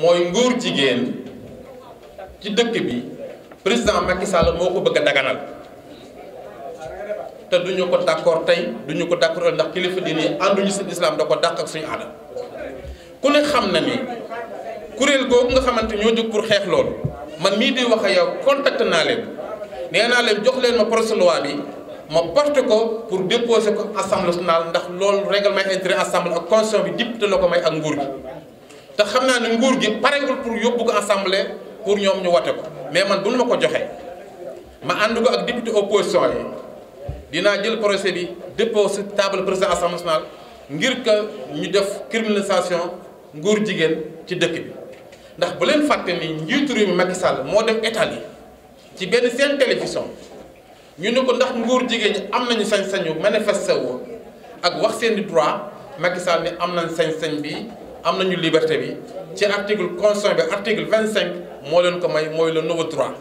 mooy nguur jigéen ci dëkk bi président Macky Sall moo ko bëgg a daganal te du ñu ko d'accord tey du ko d'accord ndax kilifa diine yi ànduñu si islam da ko dàq ak suñu aada ku ne xam na ni kuréel googu nga xamante ñoo jóg pour xeex loolu man mii di wax ak yow contact naa leen nee naa leen jox leen ma projet loi bi ma porte ko pour déposer ko assemblée nationale ndax loolu règlement intérieur assemblée ak constitution bi te la ko may ak nguur gi. te xam naa ne nguur gi parewul pour yóbbu ko assemblée pour ñoom ñu wote ko mais man bu ñu ma ko joxee ma ànd ko ak député opposition yi dinaa jël procès bi déposé table président assemblée nationale ngir que ñu def criminalisation nguur jigéen ci dëkk bi ndax bu leen fàtte ni njiitu réew mi moo dem Italie ci benn seen télévision ñu ne ko ndax nguur jigéen ñi am nañu sañ-sañu manifesté wu ak wax seen i droit Macky Sall ni am nañ sañ-sañ bi am nañu liberté bi ci article constitution bi article vingt cinq moo leen ko may mooy le nouveau droit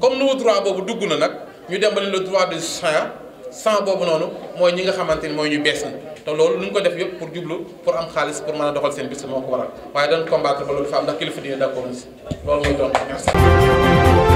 comme nouveau droit boobu dugg na nag ñu dem ba le droit de chan sans boobu noonu mooy ñi nga xamante ni mooy ñu bees ni te loolu lu ñu ko def yëpp pour jublu pour am xaalis pour mën a doxal seen bis moo ko waral waaye dañ combattre ba loolu fa am ndax kilifa dina d'accord si loolu mooy doon merci